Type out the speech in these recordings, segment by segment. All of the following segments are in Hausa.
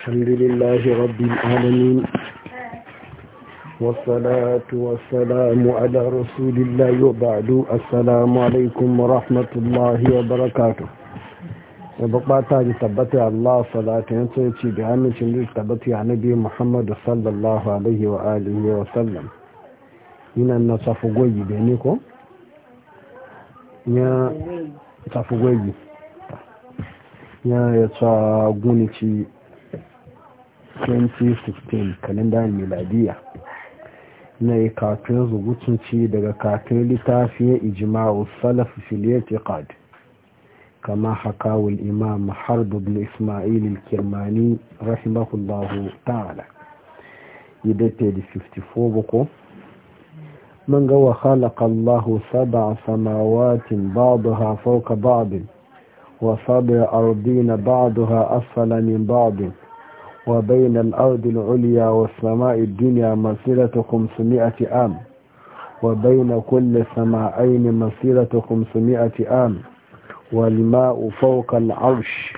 الحمد لله رب العالمين والصلاة والسلام على رسول الله وبعد السلام عليكم ورحمة الله وبركاته وبقاتا جتبت الله صلاة ينسيتي بهم تبتي عن نبي محمد صلى الله عليه وآله وسلم هنا النصف قوي بينكم يا صف قوي يا يتساقوني 2016 kalendar miladiya na yi katon rubutunci daga katon littafiyar ijima'u salaf filiyati tiqad kama hakawul imam harb bin ismail kirmani rahimahullahu ta'ala yadda da 54 bako من قوى خلق الله سبع سماوات بعضها فوق بعض وسبع أرضين بعضها أسفل من بعض وبين الأرض العليا والسماء الدنيا مسيرة خمسمائة عام وبين كل سماعين مسيرة خمسمائة عام والماء فوق العرش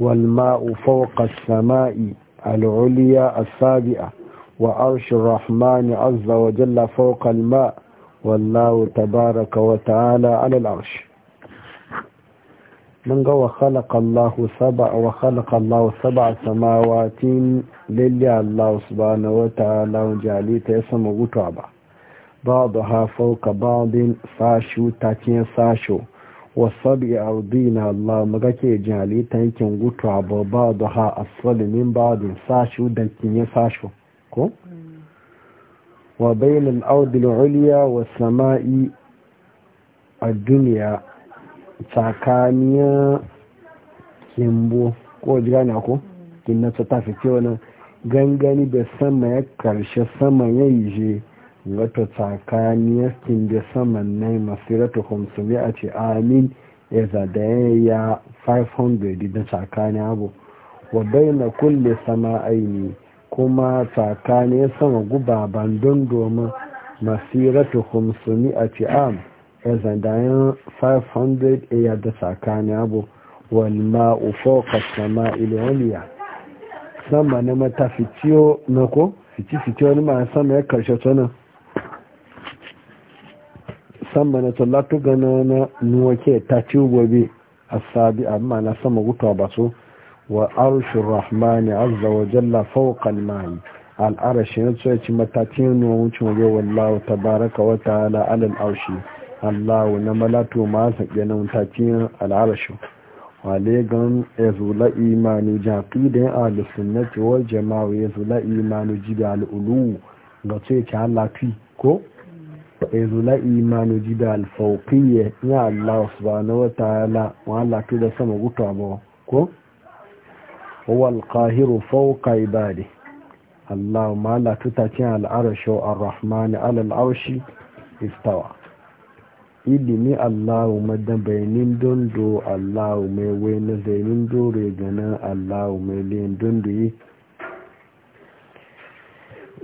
والماء فوق السماء العليا السابعة وعرش الرحمن عز وجل فوق الماء والله تبارك وتعالى على العرش mun ga wa khalaqa Allah sab'a wa khalaqa Allah sab'a samawati lillahi Allah subhanahu wa ta'ala jali ta sama gutuwa ba ba'daha fawqa ba'din sashu takin sashu wa sab'i ardina Allah muga ke jalita tankin gutuwa ba ba'daha asfalu min ba'din sashu da kinye sashu ko wa bainal ardi al-ulya was sama'i ad-dunya tsakaniyar kimbo ko ji ko kinna ta tafi ce wani gangani da sama ya karshe sama ya yi je wata tsakaniyar kimbe sama na rata hamsumi a ce amin ya zada ya 500 da tsakanin abu wa na kulle sama aini kuma tsakanin sama guba bandon domin masiratu hamsumi a ce amin ya zandayen 500 a yadda tsakanin abu walma ufo kasama iliyoniya sama na mata fitiyo na ko fiti-fitiyo ni ma sama ya karshe tunan sama na tallatu gana na nuwake ta ci gobe a sabi amma na sama gutuwa ba su wa arushin rahmani azza wa jalla faukan mahi al'arashi na tsoyaci matakin nuwa wucin waje ta baraka wata ala alal aushi allahu na malato ma saƙe na mutakin al'arashin wale gan ya zula imanu jaƙi da ya na wal jama'a ya zula imanu jibi al'ulu ga ce ki halafi ko ya zula imanu jibi alfauƙiyya ya allah na wata yana wa halafi da sama guta ba ko wal qahiru fauka ibadi allah ma la tutakin al'arashin al rahmani alal arshi istawa ilimi allahu madabainin dondo allahu mai wai na zainin dore ganin allahu mai liyan dondo yi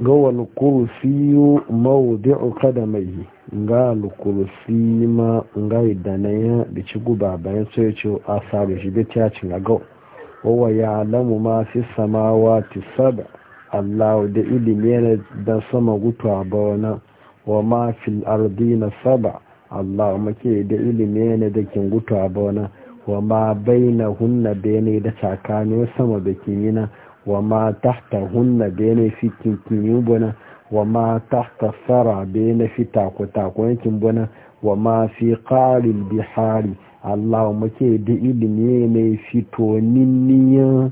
ga walkursiyu mawudi'u da mai ga alkursi ma ga ya da ci guba bayan sai ce a sabu shi da tiyacin a gau wawa ya alamu ma fi samawa ti saba allahu da ilimi yana da sama gutu a bawana wa ma fil ardi na saba Allah muke da ilimi ne da kin gutu a bauna wa ma baina hunna bene da tsakanin sama da kinina wa ma tahta hunna bene fi kinkinyu bona wa ma tahta sara bene fi ta tako yankin wa ma fi qalil bihari Allah muke da ilimi ne fito ninniyan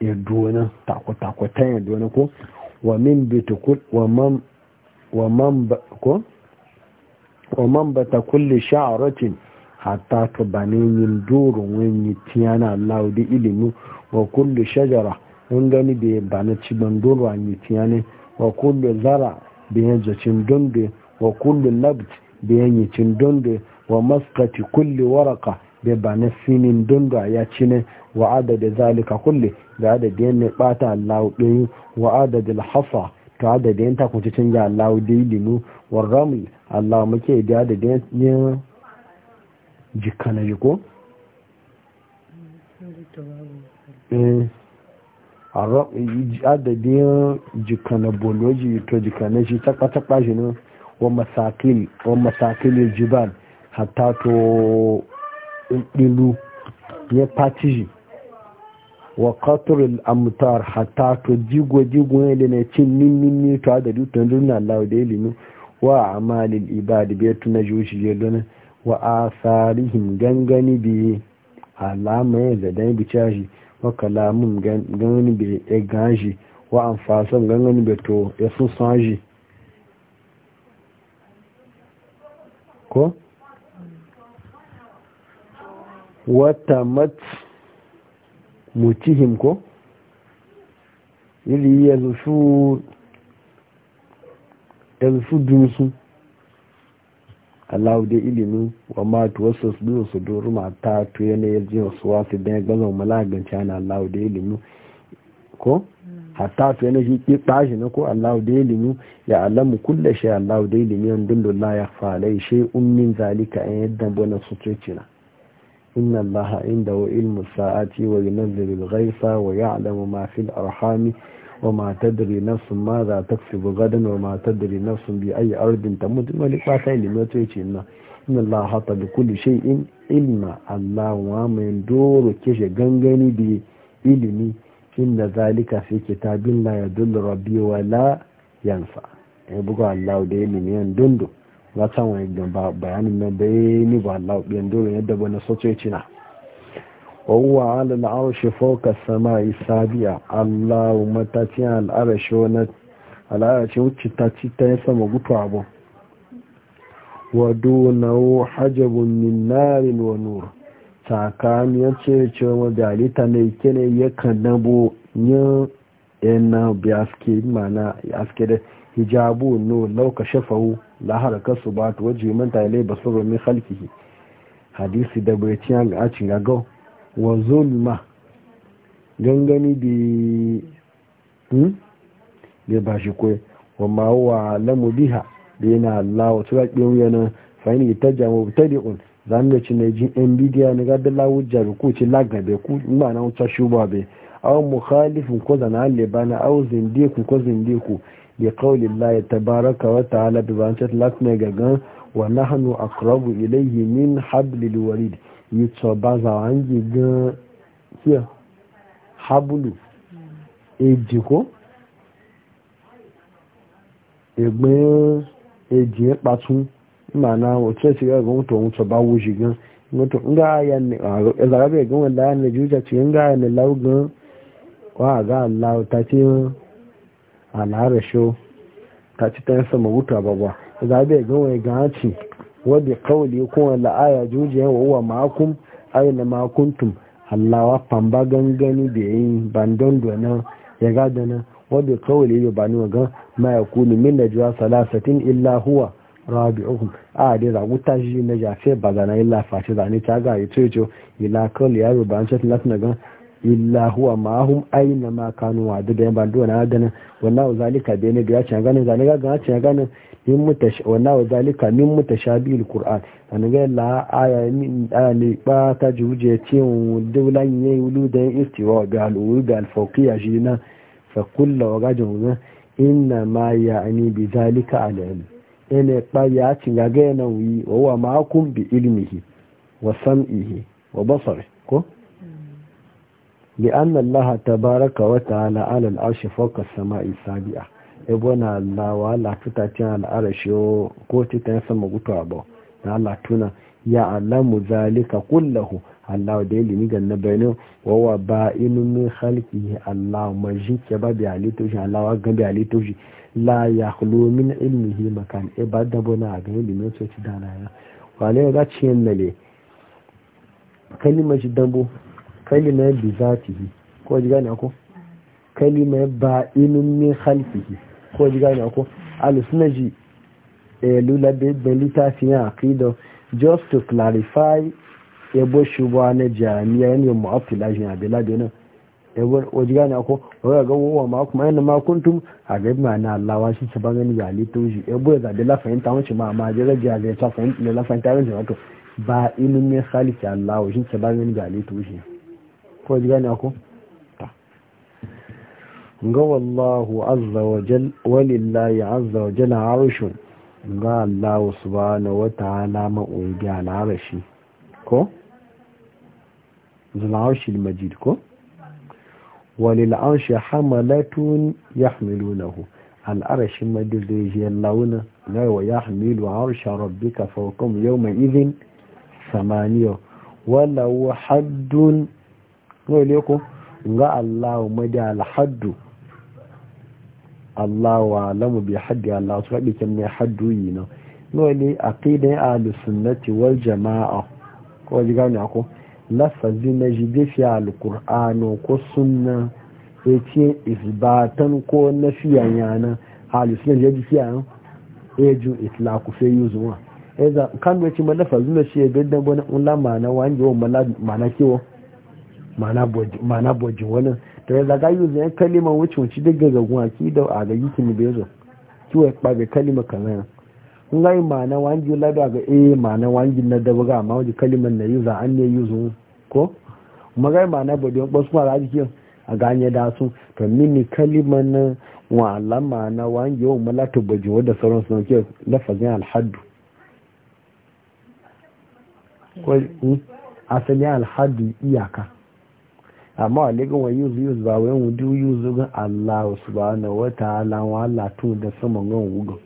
yadona tako tako ta dona ko wa min bitukul wa man wa man ko wa man bata kulli sha'aratin hatta ka bane yin doron wani tiyana ilimi wa kulli shajara mun gani da bane ciban doron wani tiyane wa kulli zara da ya zacin donde wa kulli nabt da ya yi cin donde wa maskati kulli waraka da bane sinin dondo ya cine wa adada zalika kulli da adadin ne bata Allah ɗoyi wa adadin hasa to adadin ta kunci canja allahu daidilu warramu Allah muke da adadin yi ko? na jiko eh, adadin jikka na boloji to jikka na shi takwa-takwa shi ne wa masakil jibal hatta to ɗilu ya fati wa qatrul amtar hatta to jigo jigo ne da cin nin nin ni to da dutun dunna Allah da ilimi wa amalil ibad bi tuna jushi je dona wa asarihim gangani bi alama ya da dan bi caji wa kalamun gangani bi e gaji wa anfasan gangani bi to ya sun saji ko wata mat mutihim ko iri yanzu dunsu allahu da ilimin wa matu wasu su su duru mata to yi jiya su wasu don gazon malaganci ana allahu da ilimin ko hatta to yana shi ke tashi na ko allahu da ilimin ya alamu kulle shi Allah da ilimin dundun la ya falai shi ummin zalika an yadda bana su tuci na inna allaha indahu ilmu sa'ati wa yunzilu al-ghaytha wa ya'lamu ma fi al-arhami wa ma tadri nafsun ma za taksubu ghadan wa ma tadri nafsun bi ayyi ardin tamut wa li qasai li mato yace inna inna allaha ta bi kulli shay'in ilma allahu wa man duru kishi gangani bi inda inna zalika fi kitabin ya yadullu rabbi wa la yansa allahu da ilmi dundu za ta wani gaba bayanin nan da ya ni ba Allah ɗin dole yadda ba na sococi na wawuwa ala al'arshi foka sama isabiya Allah matati al'arashe wani al'arashi wuce ta ci ta yi sama gutu abu wa dunawo hajjabun min narin wa nur tsakani ya ce ce wa dalita ne ya kanabo yin yana biya suke mana aske da hijabu no lauka la haraka su ba ta waje ya ta ba basiru min halki hadisi da bai ci an a cin gago wa zulma gangani bi hmm da ba shi kwai wa ma wa lamu biha da yana Allah wato ya kiyo yana fa ta tajamu zan ga cin jin nbidia ne ga da lawo jaru ko ci lagabe ku ma na wuta shuba bai. aw mukhalifin ko zana libana aw zindiku ko zindiku bi qawli llahi tabaraka wa ta'ala bi bancet lakne gagan wa nahnu aqrabu ilayhi min hablil warid yitso baza wangi gan kiya hablu eji ko egbin eji patun mana wace ce ga gwamnati wani ta bawo shi gan mutu in ga ya ne a zarabe gan wanda ya ne juja ce in ga ya ne laugan wa ga Allah ta ce alhara sho ta ci ta sama wuta ba ba za bai ga ya gaci wadda kawali ko wala aya jujiyan wa uwa makon aina makuntun allawa famba gangani da yin bandon dona ya ga dana wadda kawali ya bani ga ma kuni min najwa salasatin illa huwa rabi'uhum a dai za guta shi na jafe bazana illa face zane ta ga yi tuyo ila kawali ya rubanci latin ga illa huwa hum aina ma kanu wa da yan bandu na ganin wannan zalika bai ne ga cin ganin zalika ga cin ganin min mutash wannan zalika min mutashabil qur'an an ga la aya min ali ba ta juje ce dulan yayi wudu da istiwa ga al'ul ga al jina fa kullu wa inna ma ya'ni bi zalika alim ene pa ya cin ga ganin wi wa ma kun bi ilmihi wa sam'ihi wa basari ko لأن الله تبارك وتعالى على العرش فوق السماء السابعة ibona Allah wala fitacin al'arashi ko titan sama gutuwa ba da Allah tuna ya alamu zalika kullahu Allah da ilimi ga na bayanin wawa ba ilimin halki Allah majin ke ba bi alitoshi Allah wa ga bi alitoshi la ya khulu min ilmihi makan e ba da bona ga ilimin so ci dana ya wale ga ciyen nale kalimar shi dambo Kalima bi zatihi ko ji gane ko kalima ba inun min khalfihi ko ji gane ko alusunaji lula da littafin aqido just to clarify ebo shubwa na jami'a ne mu'attila shi abila da nan yabo ji gane ko wa ga wa ma kuma yana ma kuntum a ga ma na Allah wa shi ba gani ya lito shi yabo da da la fahimta ma ma jira ga ga ta fahimta la fahimta wace wato ba ilimin khaliqi Allah wa shi ba gani ya lito shi ko ji gane ku ga wallahu azza wa jal walillahi azza wa jal arshun ga Allah subhanahu wa ta'ala ma'ubi al'arashi ko zul'arshi al-majid ko walil arshi hamalatun yahmilunahu al'arashin madidajiyar launa na wa ya hamilu harshen rabbika faukun yau mai izin samaniya walawo haddun wani ko ga allahu madi alhaddu wa lamu bi haddi Allah su faɗi kan mai haddu yi nan wani aqidan sunnati wal jama'a ko ji gani ako lafazi na jide fi alkur'ano ko sunna ya ce isbatan ko na fiyan yana alusunan ya ji fiyan ya ju itlaku fe yi zuwa kan wace ma lafazi na shi ya bidda wani ulama na wani yawon mana kewa mana bojin wani to ya zaga yi zai kalima wuce wuce duk ga gagun ki da a ga yi kini bezo ki wa ba ga kalima kamar kun ga mana wangi a ga eh mana wangi na daba ga amma wajen kaliman na yi za an ne yi yuzu ko kuma ga mana bojin ba su fara jiki a ganye da su to mini kaliman wa alama mana wangi wa malatu bojin wadda sauran su ke lafazin alhadu. alhaddu hmm? asali alhadu iyaka amma aligin wa yuzu yuzu ba wayan wudu yuzu ga Allah subhanahu wa wata wa Allah tun da sama gan wugan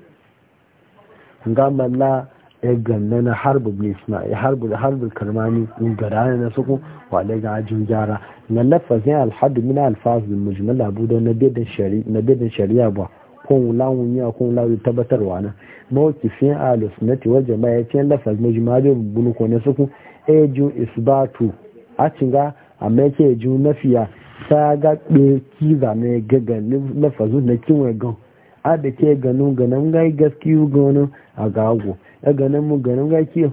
ga malla ya e ganna na harbu bin ismail harbu da harbu karmani in gara na suku wa aligin ajin gyara na lafazin alhadu min alfazul mujmal abu da na bidin shari'a na shari'a ba kun lawun ya kun lawu tabbatarwa na mawkifin alus na tiwar jama'a ya ce lafaz mujmalin bulu ko na suku eju isbatu a cinga amma ce ju fiya ta ga ɗe kiza ne ganin lafazu na kinwe gan a da ke ganin ganin gai gaskiyu ganin a gago ya ganin mu ganin gai kiyo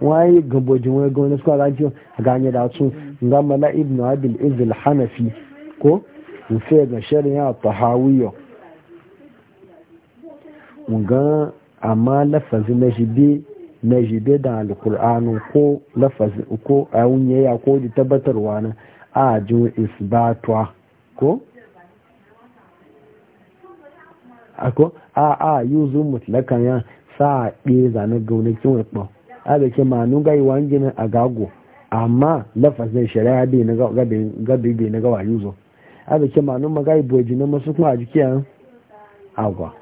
waye gabojin wani ganin suka ga a ganye da su ga mala ibn abil izil hanafi ko mufe ga shari'a tahawiyyo mun ga amma lafazu na shi bi na jibe da alkur'ani ko lafazi ko ayunyaya ko da tabbatarwa na a jo isbatwa ko ako a a yuzu mutlakan ya sa ɗe zanen gaunakin wakpa a da ke ma nun gai wangin agago amma lafazin shari'a bai na gabi bai na gawa yuzo a da ke ma nun magai boji na masu kuma a jikiya agwa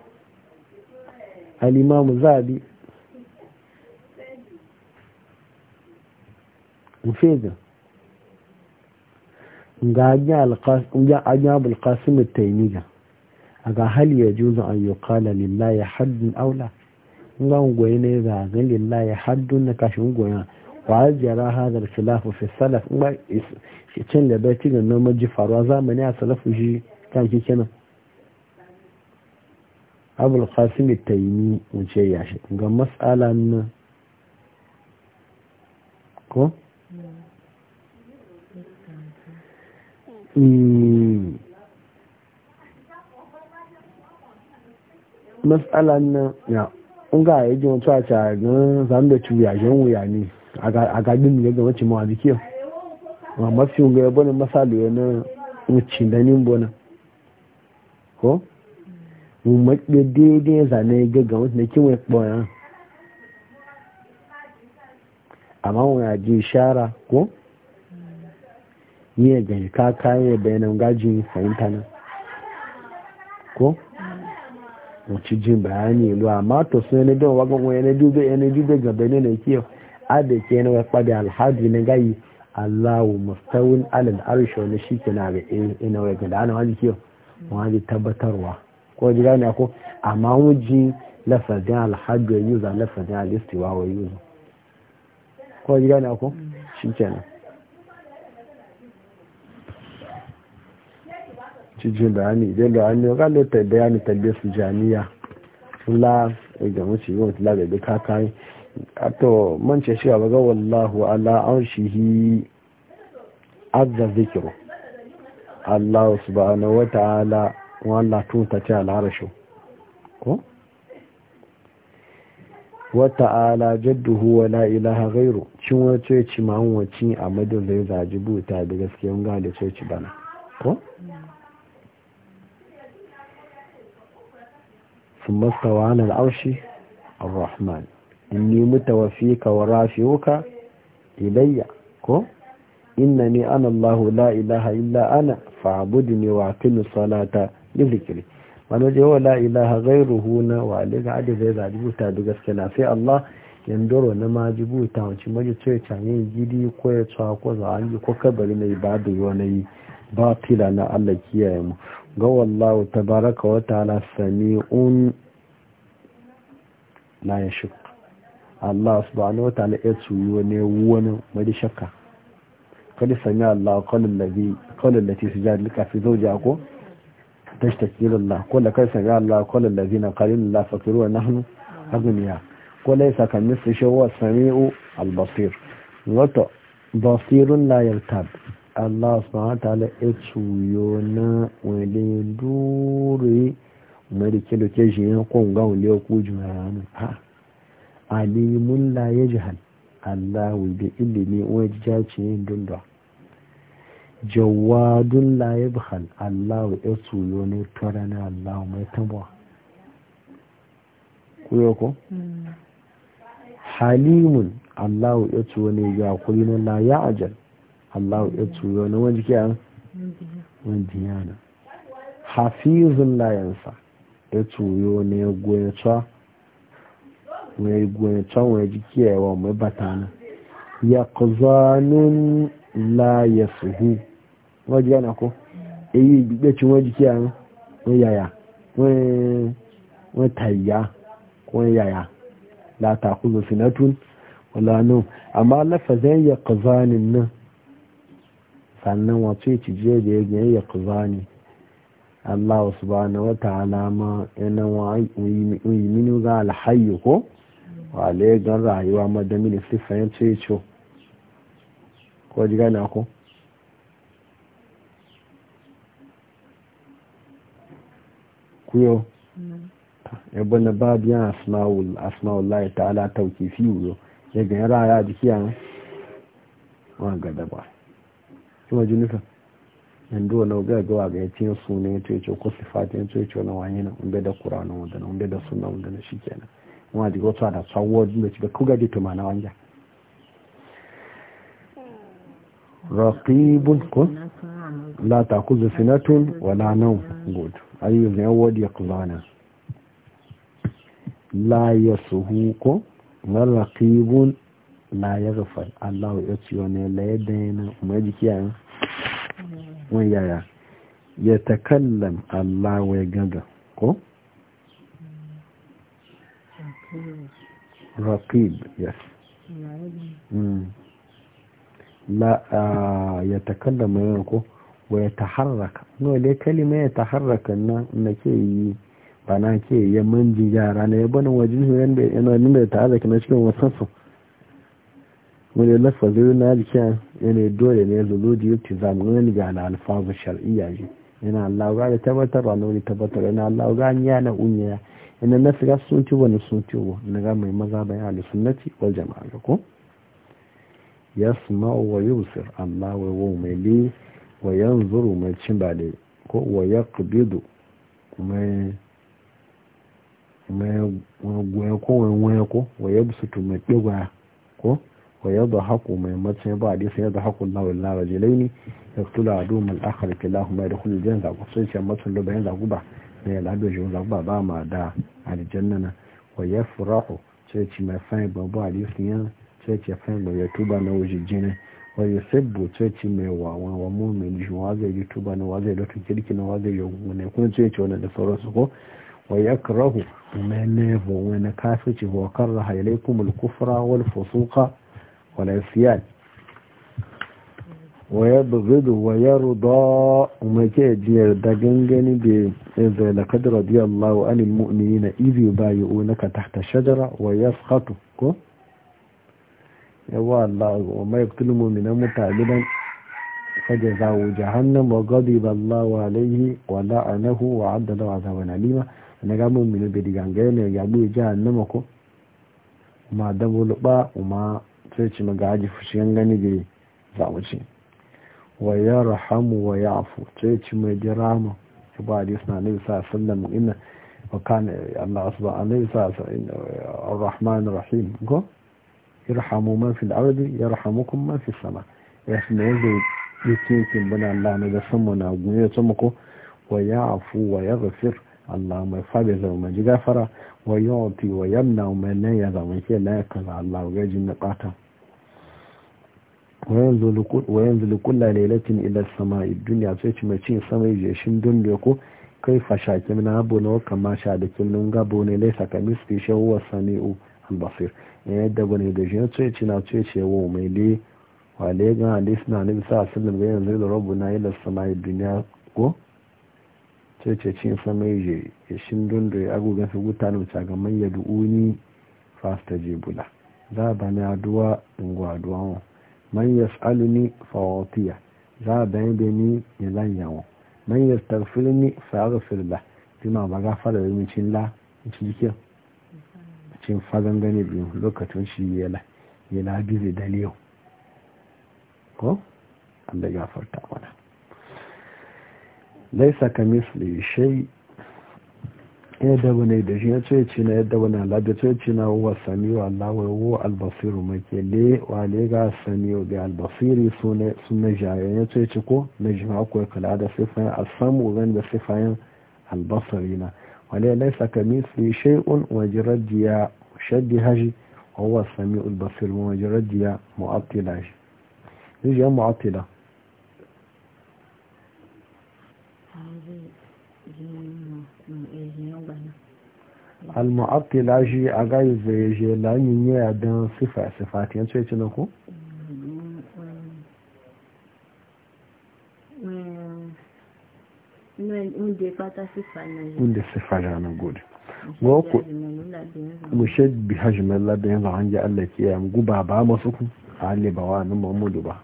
alimamu zabi mufega ga ajiyar alkasim taimiga a ga hali ya juzo an da kala lillahi haddun aula nga ngoyi ne ga ga lillahi na kashin goya wa jira hadar khilafu fi salaf ba shi da bai cikin nan maji faruwa zamani a salafu shi kan ki kenan abul qasim taymi wuce ya shi ga mas'alan ko Hmm. matsalan nan ya unga ah, ya ji wato a cagan zamu da cuya yan wuya ne a gabin ne ga wacce mawa jiki ma mafi unga ya bane masalu ya na wuce da ni nin bona ko mu ma maɗe daidai zane ga ga wacce na kiwon ɓoyan amma wani ji shara ko yi ga ka kayan bayanan gajin fahimta nan ko wacce jin bayani ilu amma to sun yana don wagon wani ne dube ne dube ga bane ne kiyo a da ke yana wafa da alhaji na gayi allahu mustawin alal arisho na shi ke na ga ina wai ga dana wani kiyo wani tabbatarwa ko ji gane ko amma wuji lafazin alhaji yuza lafazin alistiwa wa yuza kawai ji gane ko shi kenan cijin hannu idan hannu ya lo ta bayani tabbe su jami'a eh, la ga mu yi wata lagar da duka kai ato man shi shi ga wallahu ala arshihi azza zikru Allah subhanahu wa ta'ala wallahu tuta ta ce arshu ko Wata'ala ala jadduhu wa la ilaha ghairu cin wani coci ma mun wacin a madin zai zaji buta da gaskiyan ga da coci bana ko sun mastawa al al'arshi ar-rahman inni mutawaffika wa rafi'uka ilayya ko innani ana allah la ilaha illa ana fa'budni wa aqimi salata li dhikri wani je wala ilaha ghairuhu na wa liga adi zai zaji buta da gaske na sai Allah yandoro na ma ji buta wancin maji ce canye gidi ko ya tsawa ko zawangi ko kabari na yi ba fila na Allah kiyaye mu ga wallahu baraka wa ta'ala sami'un la yashuk Allah subhanahu wa ta'ala ya tsuyo ne wani mai shakka kada sami Allah kwallon da ke su sujadlika fi zawjiha ko تشتكي لله كل كيف الله كل الذين قالوا لله فكروا نحن أغنياء وليس كمثل شو السميع البصير وط بصير لا يرتاب الله سبحانه وتعالى اتسويونا ولندوري mari kilo ke shi yan kon ga wule ku jumanu ha alimun la yajhal allah bi ilmi wa jajaci jawadun la Allah ya yasuyo ne torana Allah mai ku kuyo ko hmm. halimun ya yasuyo ne ya kulina la ya ajal ya yasuyo ne wani ke an wani yana hafizun la ya yasuyo ne goyata wani goyata wani jikiya yawa mai batana Ya kuzanin la yasuhu wọ́n jẹ́ ẹ̀nàkọ́ èyí ìgbẹ́ tí wọ́n jí kí àrùn wọ́n yàyà wọ́n tàyà wọ́n yàyà látàkù nàtún ọ̀lànà àmá aláfàzẹ́ yẹ kọzáni náà sannan wọ́n tó jẹ́ da ẹgbẹ́ ń yẹ kọzáni allah subhanahu wa ta'ala ma yana wa yi minu ga alhayi ko wa gan rayuwa madamini sifayen ce ko ji gane ko kuyo mm. yabo na babu yan asma'ul ala tauki fi yo ya ga raya jiki yan wa gada ba kuma junuka yan do wani ga gawa ga yace su ne to yace ko sifati yace yace na wani na umbe da qur'ani wanda na umbe da suna wanda na kenan. kuma da ta da tsawo da cika kuga di to mana wanja raqibun kun la takuzu sinatun wala nawm gudu. ne yawad yaqlana la yasuhu ko wa raqibun la yaghfal Allah ya ci majikiya la jiki yaya yatakallam Allah wa gaga ko raqib yes mm. Mm. la ah, yatakallam ko waya ta taharraka no le kalima ya taharraka na na ke yi ba na ke ya manji yara na ya bani wajen hiran da yana nuna da taharraka na cikin wasan su wani lafazi na jikin yana dole ne zulu da yuti zamunin ga na alfazu shari'a ji yana Allah ga da tabbatar wani wani tabbatar yana Allah ga ya unya yana na figa sun ci wani sun ci wa na ga mai maza bayan alisunnati wal jama'a ko yasma'u wa yusir Allah wa wa mai wa yanzuru mai cimbale ko wa ya kubido mai goya ko wani waya ko wa ya busutu mai ɗiga ko wa ya da haku mai matsayin ba a disa ya da haku lawal lawa jilaini ya tula a domin akar kila kuma da kullum jan zagu sun ce matsun lubayen zagu ba na ya lado shi zagu ba ba ma da aljanna na wa ya furahu sai ci mai fayin ba a disa yan sai ce fayin babu ya tuba na waje jini wayo sabbo coci mai wawa wa mumin shi wa zai youtube na wa zai kirki na wa zai yau ne kun ce ce wannan da sauransu ko wa yakrahu ma nebo wa na kafici wa karaha ilaykum al-kufra wal fusuqa wal siyan wa bugudu wa yarda ma ke jiyar da gangani ya zai la kadra radiyallahu anil mu'minina idh ka tahta shajara wa ko yawon Allah wa maiktulu muminan mutane don za zawo jahannan wa gadi ba Allah wa alaihi wa la'anahu wa addada wa zaba na lima na gamu minu bedi gangaye ne ya buye jahannama ko ma dabo luɓa ma sai ci maga fushi yan gani ga zawo ci wa wa yafu sai ci mai jirama ya ba a sallam wa Allah ar-rahman ar-rahim ko irhamu man fil ardi yarhamukum man fis sama ya shi ne wanda yake kin bana Allah ne da sama na gune ya sama ko wa ya'fu wa yaghfir Allah mai fabe zama mai gafara wa yu'ti wa yamna wa man ya zama ke la Allah ga jin na wa yanzu kulla lailatin ila sama'i duniya sai ci mai cin sama je shin dunya ko kai fashaki na abu na kama sha da kin lunga bone laisa kamis fi shawwa sami'u basir yana da bane da shi tsoye na tsoye ce wa mai le wale gan hadis na nabi sa sallam ga yanzu da rabu na ila samai duniya ko tsoye ce cin samai don da ya agogan na wuce ga manya du'uni fasta jebula za ba na aduwa in aduwa wa man yas'aluni fawatiya za ba ya lanya cin fagangane biyu lokacin shi yela yela bizi liyo ko an da gafarta mana laisa ka misli shai yadda wani da shi ya ce ci na yadda wani alaɗa ce ce na wa sami wa allawai wo albasiru make le wa le ga sami wa ga albasiri su na jayen ya ce ci ko na jima akwai kula da sifayen asamu zan da sifayen albasari na wale laisa kamithli shay'un wa jiraddiya shaddiha shi wa huwa samiul basir wa jiraddiya mu'attila shi rijiyar mu'attila al-mu'attila shi a ga yi zai je lanyin yaya don sifa sifati yanzu ya ci na ku? wanda sifa na gode wako mushe bi hajjimar labirin zahon ji allah ke yamu guba ba masu ku a halli ba wa nan mahmudu ba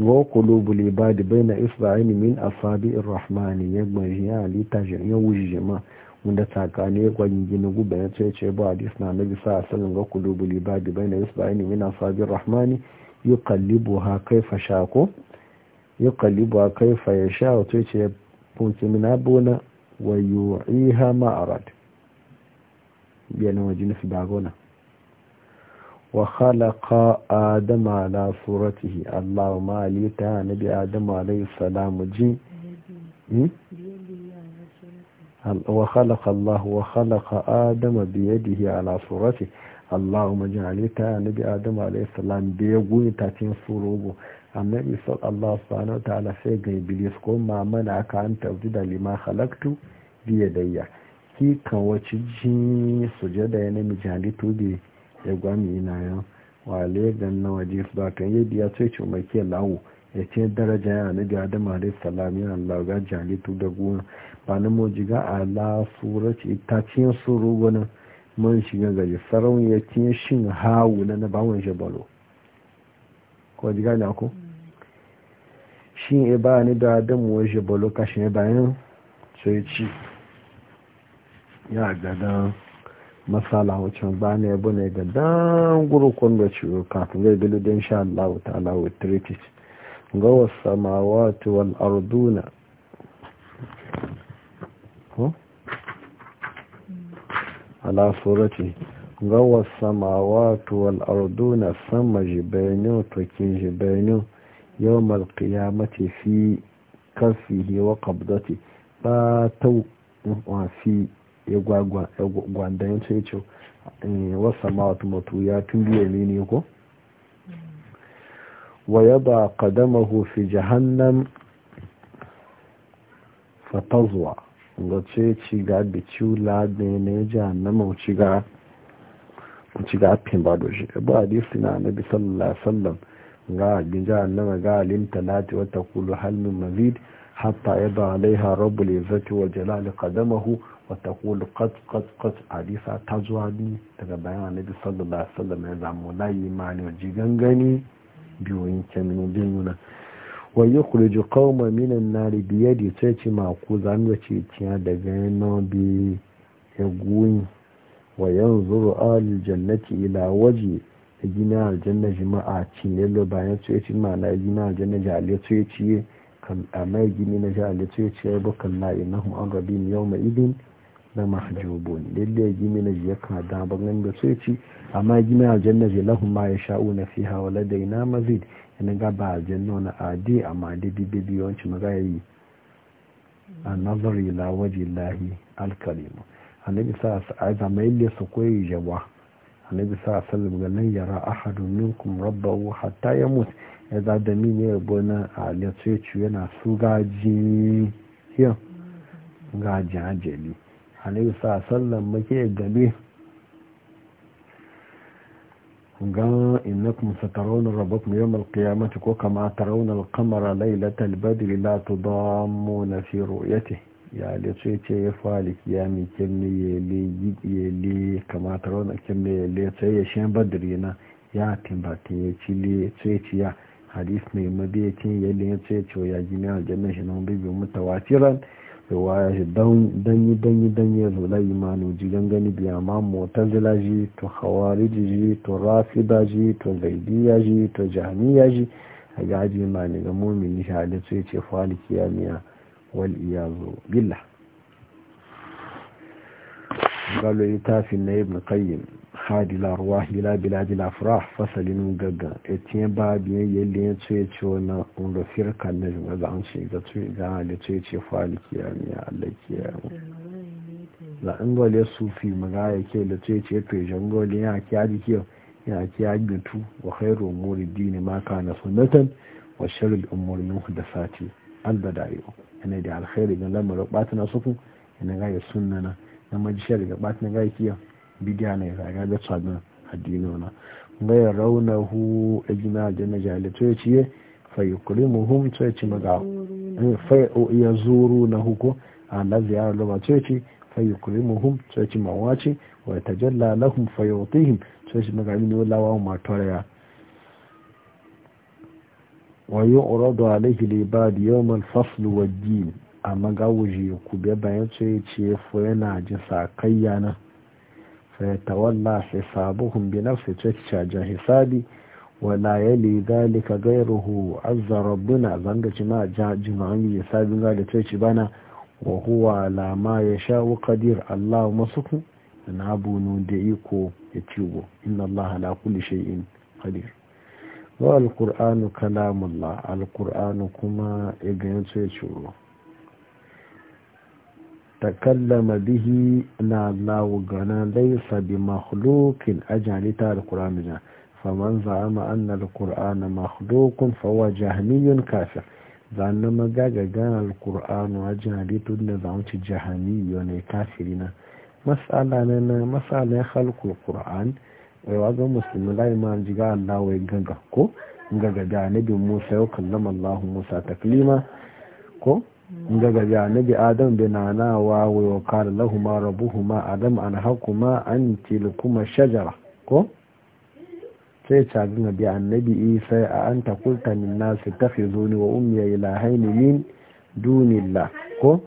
wako lobule ba da bai na isra'ili min asabi rahmani ya gbari ya halitta ya wuce jima wanda takane ya gwani gini guba ya ce ce ba hadis na nabi sa asalin ga kulubuli ba da bai na isra'ili min asabi rahmani yi kallibu ha kaifa shako yi kallibu ha kaifa ya wato ce punti mina buna wa yu'iha ma'arad yana wajen na dagona wa khalaqa adama ala suratihi Allah ma li ta hmm? nabi adam alayhi salam ji wa khalaqa Allah wa khalaqa adama bi yadihi ala suratihi Allah ma ji ta nabi Adama alayhi salam bi gunta tin surugo annabi allah alaihi ta'ala sai ga iblis ko ma mana aka an tawjida lima khalaqtu bi yadayya ki kan wace jin sujada ya nemi jali to bi ya gwami ina yan wa gan na waje su ba kan yadda ya ce cewa ke lawo ya ce daraja ya a adam alaihi salam ya Allah ga jali to da gona ba na jiga ala surati itacin suru gona mun shiga gari ya kin shin hawu na na bawon jabalo ko jiga na ko shi ne ba ni da damuwar jibba lokacin ne bayan sai ci ya gada masala wucin ba ni abu e ne ga dan gurukun da ciwo kafin zai bilu don sha Allah ta'ala with treaties ga wasa ma samawati wal arduna ala surati ga wasa ma samawati wal arduna sama jibainu tokin jibainu يوم القيامة في كفه وقبضته با تو في sai ce wasa mawata mutu ya tuliya ne ne ko wa ya ba kadamahu fi jahannam fatazuwa ga ce ci ga da ciwula da ne jahannama wuci ga fin ba hadisi na sallallahu alaihi ga abin annan ga alim talati wata kulu halmin mazid hatta ya ba alaiha rabbul izzati wal jalali qadamahu wa taqulu qad qad qad alisa ta zuwa daga bayan annabi sallallahu alaihi wasallam ya zamu la imani ji gangani biyoyin kemin jinuna wa yukhriju qauman minan nari bi yadi sai ma ku zamu ce tiya daga no bi ya guyi wa yanzuru al jannati ila waji gina aljanna jima'a cinello bayan su yaci ma'ana gina aljanna jale su yaci ye amma gini na jale su yaci ya yi bukan na ina hun an rabi ne yau idin. na mahajubun lalle gini na jiya ka da bangan da su yaci amma gina aljanna je lahun ma ya sha'u na fi hawa ladai na mazid yana gaba aljanna na adi amma da bibi yawanci magayayi a nazari la waje lahi alkarimu annabi sa a zama yadda su koyi jawa annabi sa sallam ga lan yara ahadun minkum rabbahu hatta yamut ya za da min ya rabu na alyatsu yana su gaji yo gaji ajali annabi sa sallam muke gabe ga innakum satarawna rabbakum yawm alqiyamati ko kama tarawna alqamara laylatal badri la tudammuna fi ru'yatihi ya le ce ce ya fali ya mi kimni ya le yi ya le kamata rona kimni ya le ce ya shan badiri na ya timbatin ya ci le ce ci ya hadis mai mabiyakin ya le ce ce ya shi na aljanna shi nan bibi wa ya shi danyi danyi danyi zula imanu ji gangani biya ma mutazila ji to hawari ji to rafida ji to zaidiya ji to jahmiya ji a gaji ma ne ga mumini shi hadis ce ce fali kiyamiya wal iyazu billah galo littafin na ibn qayyim hadi larwa ila biladi fasalin gaga etiyan ba biyan yalle ya ce ce wannan unda firka na jima an ce ga tuyi da ce ce fali kiyami ya Allah kiyami gole sufi maga ya ke da ce ce to ya kiyaji kiyo ya kiyaji gutu wa khairu umuri dini ma wa shirin umarnin da sati. albadayo yana da alkhairi ga lamarin na suku yana gaya sunana, na majishar daga batina gaya kiya bidiya na ya zaga da tsadin addini wana gaya hu ajina jana jali to ya ciye muhum to ya ci maga ya zuru na huko a na ziyarar lama to ya ci muhum to ya ci mawaci wa tajalla lahum fayutihim to ya ci maga mini lawa ma wa yi uradu alaihi libadi yawmal fasl wa din amma ga wuje kube be bayan ce ce fo yana ji sakayya na fa yatawalla hisabuhum bi nafsi tacca hisabi wala ya yali dhalika ghayruhu azza rabbuna zanga ci ma jima'an yi hisabin ga da tacci bana wa huwa la ma yasha'u qadir allah masuku na bunu da iko ya ciwo inna allah ala kulli shay'in qadir wa alƙur'anu kalamullah alƙur'anu kuma ya ce ciro takallama bihi na lawu gana laisa bi makhlukin ajali ta alƙur'anu ja faman a anna alƙur'ana makhlukun fawa jahmiyun kafir zanna magaga ga alƙur'anu ajali tun da ci jahmiyu ne kafirina masala na masala ya halkul ƙur'an Eh, wai ga musulmi lai ma jiga Allah wai gaga ko gaga da nabi Musa ya kallama Allah Musa taklima ko gaga da nabi Adam bin anawa wai wa qala lahumu rabbuhuma adam an hakuma an tilkuma shajara ko sai caji na bi annabi isa a an takulta min nasu ta wa umiya ilahaini min dunilla ko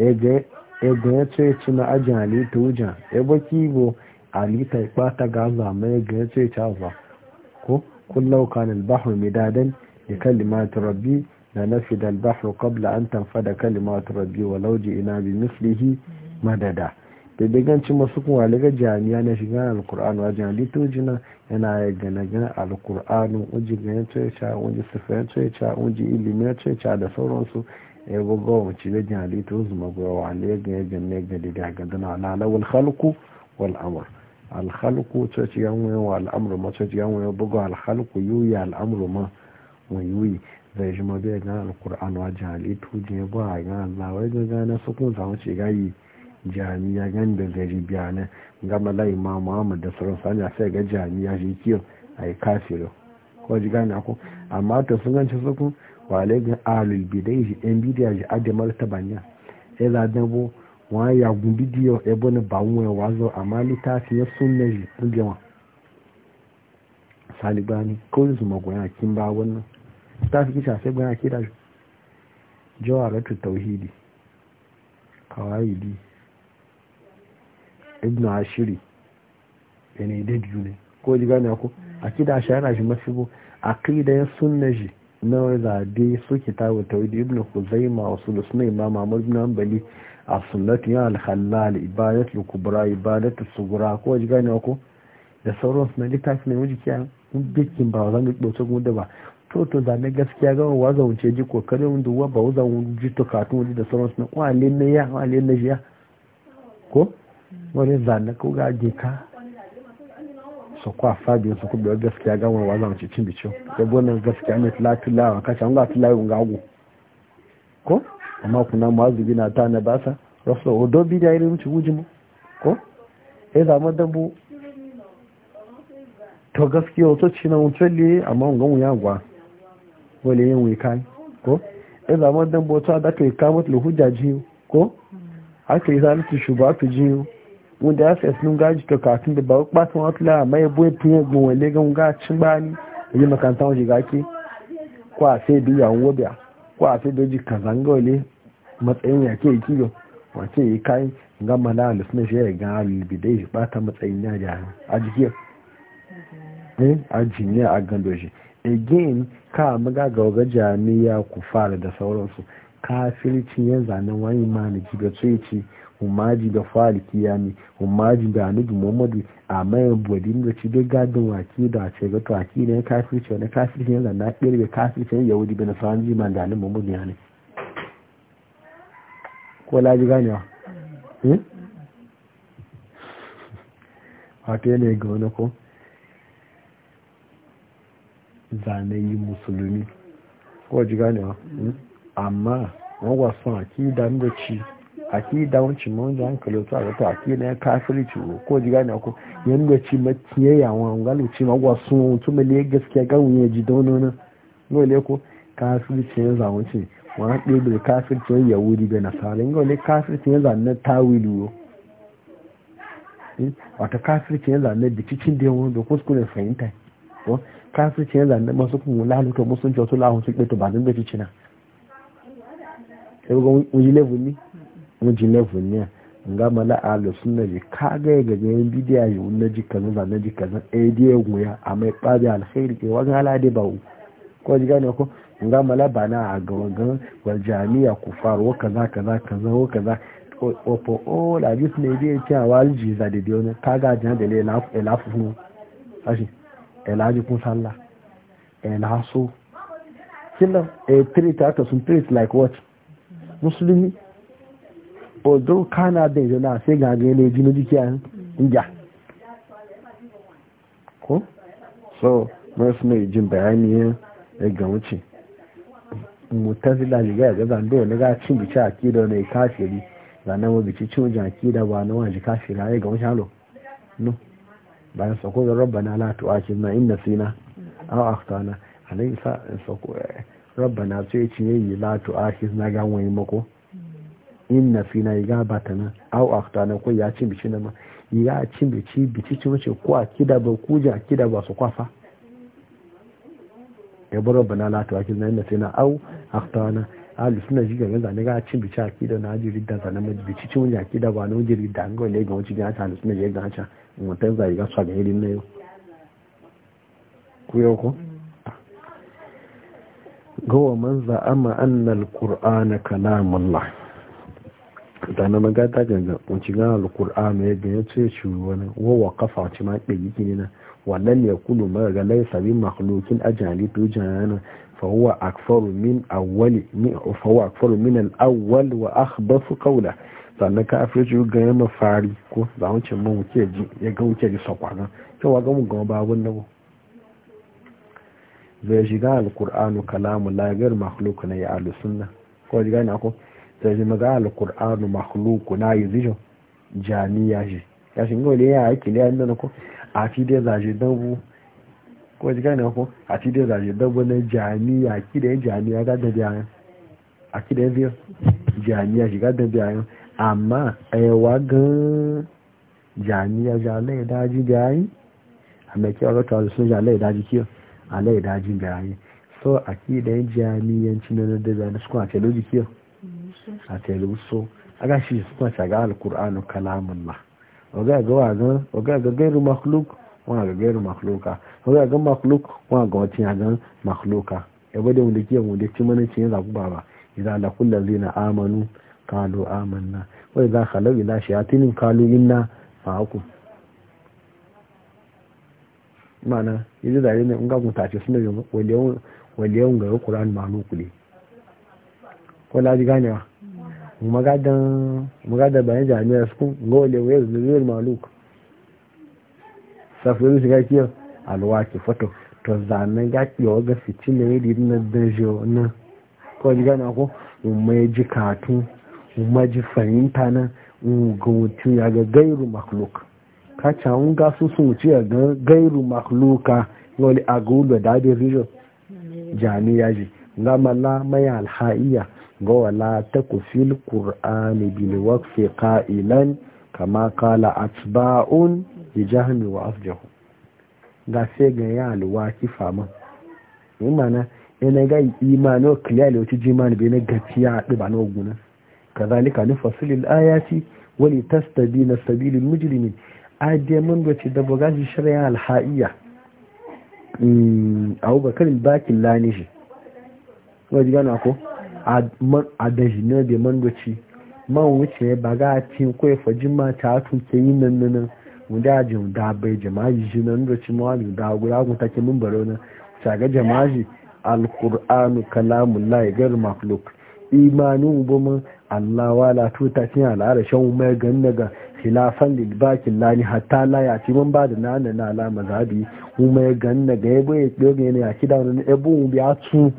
ega eh, eh, ya ce ci na ajin halittu wujan kibo alita ipata ga Allah mai ga ce ta za ko kullau bahu mai midadan kalima ta rabbi na nafi al bahu kabla an tanfada kalimatu rabbi walau ina bi mislihi madada da daganci masu kuma daga jami'a na shiga alkur'anu alkur'an wajen litojina yana ya gane gane alkur'anin uji gane tsoyaca uji sufiyan tsoyaca uji ilimin tsoyaca da sauransu ya gogo wace da jami'a litojin magoya wa ne ya gane gane gane daga gandana na lawal halku wal amur alhalku coci yan wuyan wa al'amuru ma coci yan wuyan bugu alhalku yuyi al'amuru ma wa yuyi zai shi ma bai gan alkur'an wa jihali tuji ya ba a gan allah wai ga gane su kun samu ce gayi jami'a gan da zai biya na ga lai ma muhammad da sauran a sai ga jami'a shi kiyo a yi kafiro ko ji gane ko amma ta sun ganci su kun wa alai ga alul bidai shi yan bidiyar shi adamar tabanya sai za dabo wa ya gun bidiyo ebo ne ba wun wa zo amma litafi ya sunne ji kunge wa salibani ko zu magoya kin ba wannan ta fi shafe gwana kira jawaratu tauhidi kawaidi ibnu ashiri yana da biyu ne ko ji gane ko akida shi yana shi masibo akidan sunna ji na zabe suke tawo tauhidi ibnu kuzaima wasu da suna imam ahmad ibn asulati sunnatu ya ibadat lukubura kubra sugura ko ji gane ko da sauran na littafi ne wuji kiyan bikin ba zan gbo to gudu ba to to da ne gaskiya ga wa zan wuce ji kokarin wanda wa ba zan wuce to katun da sauran na kwale ne ya wale ne ya ko wani zanna ko ga je ka so kwa fabi su ku gaskiya ga wa zan wuce cin bicin da bonan gaskiya ne latulawa kacha an ga tulawa ga ko amma kuna mazu gina ta na basa rasu o don da irin mutu guji mu ko ya eh, zama dambu to gaskiya wato ci na mutum le amma ungan wuya gwa wale yin wikai ko ya eh, zama dambu wato da ka yi kamar hujja jiyo ko aka yi zalunci shugaba ta jiyo wanda ya fi sun gaji to kafin da ba batun wata la amma ya boye tun yagbon wale gan gacin bani yi makanta wajen gaki kwa sai biya wobia ko a fi doji kazangole matsayin ya ke kilo wace yi kayan gama na alusunan shi ya ga alibi da ya bata matsayin ya da a jikiyar eh, a jini a gando shi again ka maga ga jami'a ku fara da sauransu kafirci ya zanen wani ma na kibe tsoye umaji da faliki ya ne umaji da a mayan bodin da ci duk gadon waki da ce ga to aki ne kafirci wani kafirci ne zanna kirbe kafirci ne yahudi bin man da ya ne ko ganewa hmm? ga wani ko musulmi ko ji ganewa hmm? amma wọ́n wà fún àkídà ń ci aki da wancin mawunji hankali wato a wato akida ya kafiri ci ko ji gane ko yan ga ci makiye yawon galu ci magwa sun mutum mai liya gaskiya gawun ya ji dauno na gole ko kafiri ci ya zama ce wani ɗaya da kafiri ci ya wuri ga nasara in gole kafiri ci ya zama na tawilu yo eh, wata kafiri ci ya zama na cikin da yawon da kusku ne fahimta kafiri ci ya zama na masu kuma lalutar musun wasu lahun su ɗaya to ba zan da cikin na. Sai ga wani level ne miji na vunya nga mala ahlu sunna ji ka ga ga yin bidiya yi na ji kaza za na ji kaza eh dai guya amma ba da alkhairi ke wani hala dai ba ko ji gane ko nga mala bana a ga wagan wal jami'a kufar wa kaza kaza kaza wa kaza opo o la jus ne dai ta wal ji za da diona kaga jan da le lafu e lafu ashi elaji kun sallah elaso killa eh treat aka sun treat like what musulmi although canada is na sai gaga ne jini jiki an ja ko so masu mai jin bayani ya ga wuce mutazila jiga ga zando ne ga cin bici akida ne kafiri zanen wa bici cin wajen akida ba na wajen kafiri ya ga wuce halo no bayan sako da rabbana la tu'akhidna in nasina aw akhtana na sako rabbana sai ci yayi la tu'akhidna ga wani mako in na fina na yi ga bata na au a na ko ya cin bici na ma ya cin bici bici ci wuce ko a kida ba kuja a kida ba su kwafa ya baro bana la to akin na inna sai na au afta na alu suna ji ga zane ga cin bici a kida na ji ridda zane ma bici ci wuce a kida ba na wuce ridda ga wale ga wuce ga ta alu suna ji ga ta mutan zai ga su ga irin na yau ku yau ko gowa man za'ama annal qur'ana kalamullah dana maga ta ganga wanci gana alkur'anu ya ganya ce shi wani wawa kafa wace ma ɗaya yi ne na wannan ya kulu mara ga lai sabi makhlukin ajali to jana fa huwa akfaru min awwali fa huwa akfaru min al-awwal wa akhbathu qawla sannan ka afirci ga yana fari ko za mu ce mun wuce ji ya ga wuce ji sakwana to wa ga mu ga ba gun nabo zai shiga alkur'anu kalamu lagar makhluk na ya alusunna ko ji gane ko sai maga alkur'anu makhluku na yi zijo jami ya shi ya shi ngo ne ya aiki ne an nan ko a ti dai zaje dabu ko ji gane ko a ti dai zaje dabu na jami ya ki da jami ya ga da biya a ki da biya jami ya shi ga da biya amma wa gan jami ya ja lai daji biya amma ki ga ta sun ja lai daji ki a lai daji biya so a ki da jami yanci na da biya su ko a ce logikiyo a tayar suna aga shi su kuma shaga alkur'anu kalamullah waga ga waga waga ga gairu makhluk wa ga gairu makhluka waga ya e bada wanda ke wanda ci mana cin zaku baba idan la kullu zina amanu qalu amanna wa idza khalaw ila shayatin qalu inna fa'akum mana yanzu zare ne in ga mutace suna yi waliyan ga qur'an ma ko magada bayan jami'ar kun gole yanzu zuwa maluk su ga kiyar alwaki foto to zanen gakiyawa ga fitin da ya diri na dajiyo na kawai gana ko umar ji katu umar ji fahimta na gautu ya ga gairu makluk ka cawun gasu sun wuce ya ga gairu makluka wani agulu da dadin rijo jami'a ji la mai alha'iyar ga wala taku fil qur'ani bil waqfi kama qala atba'un bi jahmi wa afjahu ga sai ga ya alwa kifama in mana yana ga imani da le wuce jimani bai na gaciya a ɗiba na oguna kazalika ni fasilil ayati wani tastabi na sabilin mujrimin adiyar mun da bugaji shari'a alha'iya hmm, a bakar bakin lanishi wajen gana ko a da jina da man doci man wuce ba ga ci ko ya faji ma ta tuke yi nan nan wanda ajin da bai jama'i jina doci ma da gura kun take mun baro na ga jama'i alqur'anu lahi gar makhluk imanin mun Allah wala tuta cin al'ada shan mai gan daga khilafan baki lani hatta la ya ci mun ba da nana na alama zabi mai gan daga yabo ya doge ne ya kida wani ebo bi a tu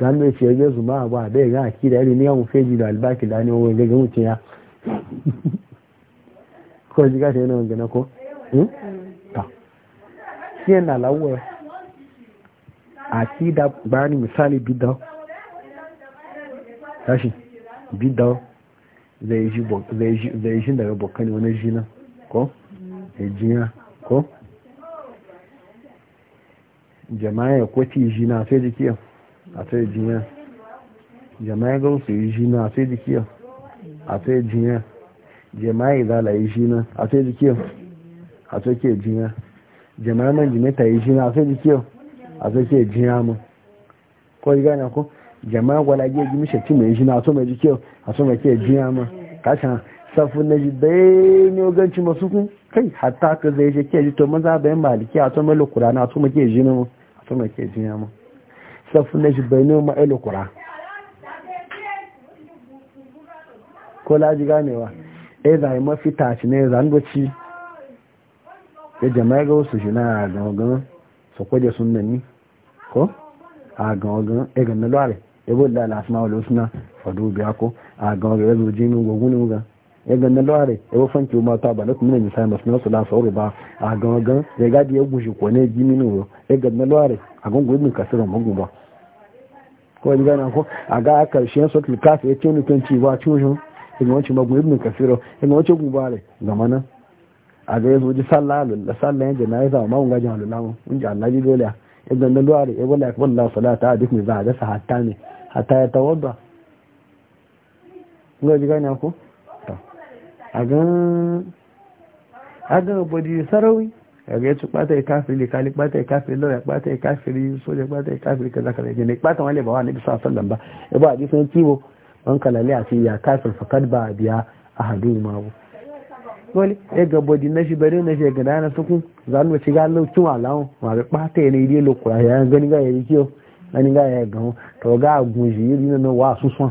dan da ce ga zuma ba da ga ki da ilimi ya mu feji da albaki da ne wai ga mutun ya ko ji ga ne wanga na ko hmm? ta shi na lawo a ki da bani misali bidaw tashi bidaw zai ji zai ji daga wani jina ko ejiya ko jama'a ko ti jina sai àti ìjìyàn jama'a gausu yi shi na àti ìjìkíyà àti ìjìyàn jama'a ìdálà yi shi na àti ìjìkíyà àti ìkè ìjìyàn jama'a manjimita yi shi na àti ìjìkíyà àti ìkè ìjìyàn mu ko yi gane ko jama'a gwalage ji mishe ti mai shi na àti mai jikiyà àti mai kè ìjìyàn mu kashan safin na ji bai ne ganci masu kun kai hatta ka zai je ke ji to maza bayan maliki a to mai lokura na to mai ke ji na mu to mai ke ji na mu safu na shi bai noma ilu ko laji ganewa ya zai mafi tashi ne zangoci ya jama'a ga wasu shi na a gangan su kwaje sun nani ko a gangan ya ganna lware ya bude da alasma wa lusna fado biya ko a gangan ya zo min gwagunin gan ya ganna lware ya wafan ki mata ba na kuma ne misali masu nasu la sauri ba a gangan ya gadi ya gushe ko ne jimin wuro ya ganna lware a gangan gudun kasirin magun ba ko ji gana ko a ga karshen sautul kafi ya ce nufin ci ba cushin in wancin magun ibn kasiro in wancin gubare ga mana a ga ya zoji sallayen jana'iza ma wunga jihar lulamu in ji allaji dole ya idan da luwari ya wala yakbar la salata a duk mai za a dasa hatta ne hatta ya tawadda ji a ga a ga bodi sarawi ẹ̀rẹ́ tún pátá ìkáfìrí lè kálí pátá ìkáfìrí lọ́rẹ̀ pátá ìkáfìrí sójẹ́ pátá ìkáfìrí kẹzàkẹrẹ jẹ́ ní pátá wọn lè bá wà níbi sọ́ọ̀sọ́ lọ́mbà ẹbá àdísán tí wo wọn kàlàlẹ́ àti ìyà káfìrí fọkàdìbà àbíyá àhàdù ìmọ̀wò wọ́n ga lọ tún àláwọn wọn àbẹ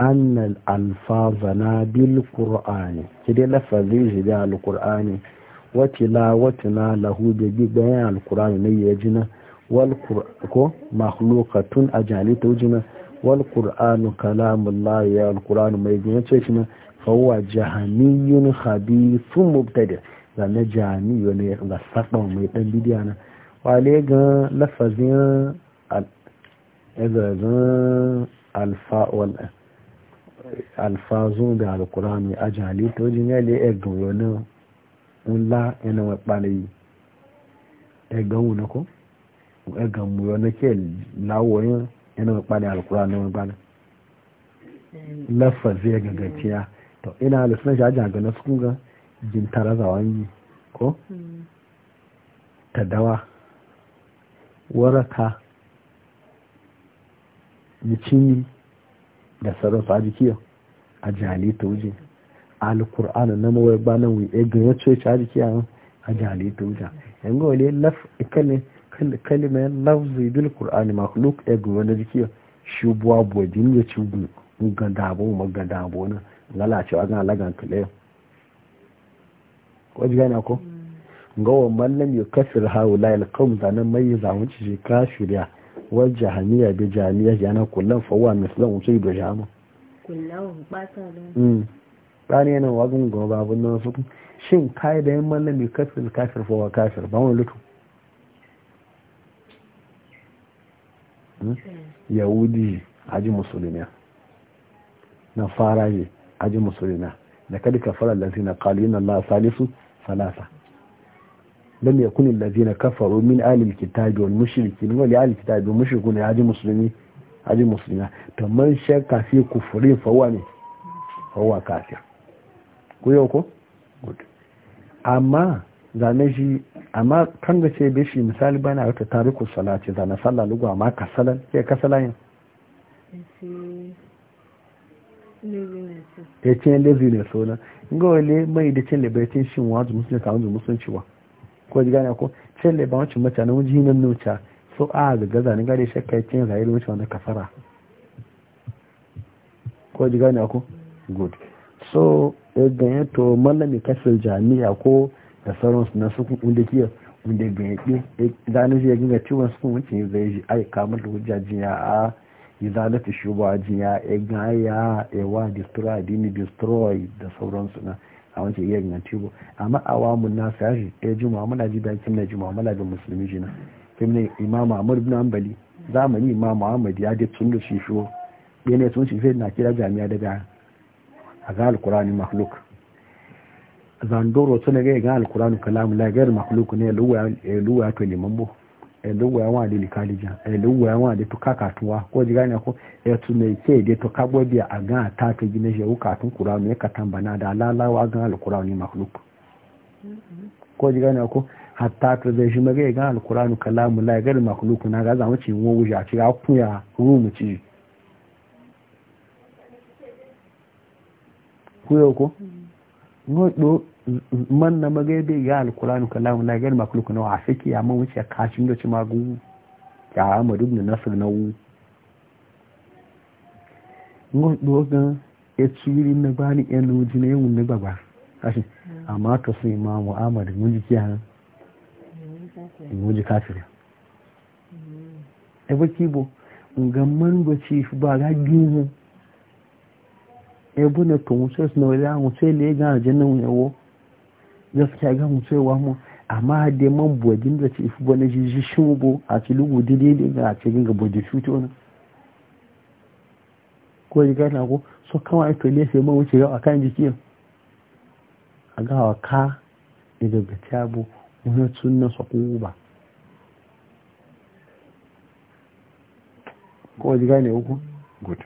annal alfazana bil qur'ani ki dai lafazin shi da alqur'ani wa tilawatina ko makhluqatun ajali to jina wal mai jina ce shi fa huwa jahaniyun khabithun mubtada zanne jahaniyo ne ga sakon alfazun da alkurani a jali to jin yale egan na nla ina wa kpanayi egan wuna ko egan mu na ke lawoyin ina wa kpanayi alkurani wani bana lafazi ya gagaciya to ina alisunan shi ajiyar gana sukun ga jin tara zawon yi ko tadawa dawa waraka mucini da sauransu a jikiyar a jihali ta wuce alkur'ana na mawai banan wi e gina coci a jikiya a jihali ta wuce yan ga wale laf ikalin laf zai bil kur'ani makhluk e gina na jikiya shi buwa buwa jin ya ci ga dabo ma ga dabo na lalacewa ga lagan kale wajen gana ko mm. ga wa mallam ya hawa haula ilkam zanen mai zamunci shi kafiriya wal jahamiya bi jahamiya yana kullum fawa mislan sai da jahama kullum ba ta da tsani yana wagon nan su shin kai da yan mallami kafin kafir fawa kafir ba wani lutu yahudi aji musulmiya na faraji aji musulmiya da kada ka fara lansi na kalu yin Allah salisu salasa lam yakun allazina kafaru min alil kitabi wal mushrikin wal alil kitabi wal mushrikun haji muslimi haji muslima to man shakka fi kufrin fa huwa ne fa huwa kafir ko yau ko good amma zane shi amma kan ga ce shi misali bana wata tariku salati zana sallah lugu amma kasalan ke kasalan yin ya ce ne wani ga wale mai da cin libertin shi wazu musulun kawun musulun ciwa ko ji gane ko ce le ba wancin mutane mun ji nan nuca so a ga gaza ni gare shakka ya cin zahiri wuce wani kafara ko ji gane ko good so ganyen to mallami kasar jami'a ko da sauransu na sukun kunda kiyar wanda ganyen shi ya ginga ciwon su wuce zai ji ai kamar da hujjajin ya a yi izalatu shubajiya ya gaya ya wa destroy dini destroy da sauransu na a wancan iya yin tebo amma awamun nasu ya shi ɗaya juma'a muna ji da kimna juma'a muna da musulmi jina ne imam amur ibn ambali zamani imam ahmad ya da tun da shi shi yana sun shi sai na kira jami'a daga a ga alkurani makhluk zandoro tun ga ga alkurani kalamu la ga makhluk ne luwa eh, luwa to liman bo elugu yawon adi likalija elugu yawon adi tuka katuwa ko ji gane ko ya tuna ke da tuka gobe a gan a jine ta gina shi katun kuranu ya katan bana da lalawa gan alkurani makhluk ko ji gane ko hatta ta zai shi maga ya gan alkurani kalamu la gar makhluk na ga zama ci wo wuja ci ga kuya rumu ci kuyo ko ngodo man na magaibe ga alqur'anu kalamu na gar makuluku na wa saki amma wuce kashin da cima gu ya amadu ibn Nasr na wu ngodo ga ya tsiri na bani en loji na yun ne baba kashi amma to sai imamu Ahmad mun ji muji mun ji kafiri e bo ga man ba ci ba ga ginu ebo na tun sai su nawari an sai le ga aljanna yawo gaskiya ga mun sai wa mu amma da man bodin da ci ifu bane ji ji shin bo a ci lugu dide ne ga a cikin ga bodin shuto ne ko ji ga na ko so kawai sai wuce ga akan jiki a ga wa ka wani ko good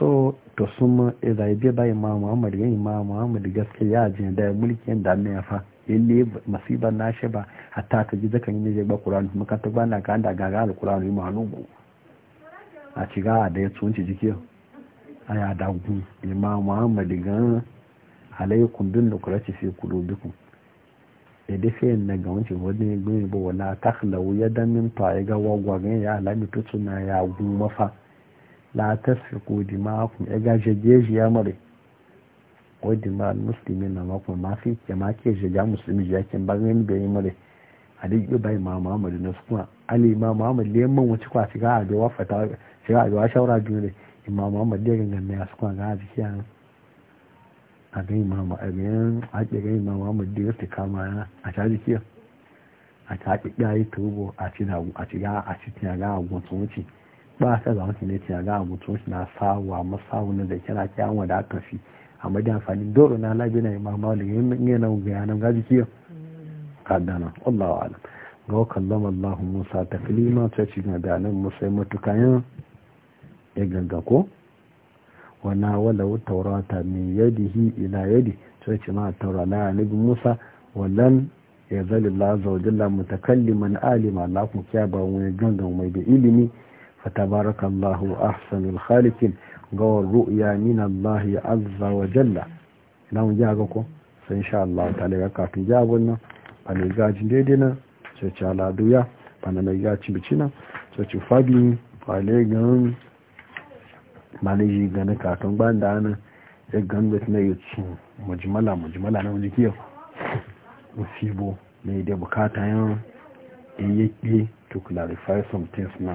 so to sun ma bai bai ma muhammadu yayi ma muhammadu gaske ya ji da mulkin da mai fa ille masiba na shi ba hatta ka ji zaka yi ne zai ba qur'an kuma ka ta bana ka anda gaga alquran yi malumu a ciga da ya tsunci jiki aya da gu imam muhammadu ga alaikum bin nukrati fi qulubikum ede fe na ga wanci wani gbin bo wala takhlawu yadan min ta'iga wa wagwa ga ya alami tutuna ya gu mafa la tasfiku dima'akum ya gaje geji ya mare ko dima muslimi na makon mafi ke make ga musulmi ya kin bangan da yi mare a duk bai ma muhammadu na su kuma ali ma muhammadu le man wuce kwa shiga a jawa fata shiga a jawa shawara biyu ne imam muhammadu ya ganga ya su kuma ga a jiki yana a ga imam a ga yan ga imam muhammadu ya su kama yana a ta jiki a ta haƙe ɗaya tubo a ci da a ci ga a ci ga a gwantsun ba sa zama ne ce ga abutu na sawa masawunan da kira kyan wada aka fi a da amfani doro na labi na imam malik yin na ga yanan gaji kiyo kaddana wallahu alam ga kallama Allahu musa taklima ta ci na da musa ya matuka yin ya ganga ko wana wala taurata min yadihi ila yadi ta ci ma taura na annabi musa wallan ya zalilla zawjalla mutakalliman alima la ku ba wani gangan mai da ilimi فتبارك الله أحسن الخالقين قول الرؤيا من الله عز وجل نعم جاءكم فإن شاء الله تعالى كاتن جاءبنا فنجاج ديدنا سيشالا دويا فنجاج بچنا سيشفاقي فاليغان manaji ganin katon ban da ana ya ganga na yi su mujmala mujmala na wani kiyo musibo na da bukata yawon yi yayyaki to clarify some things na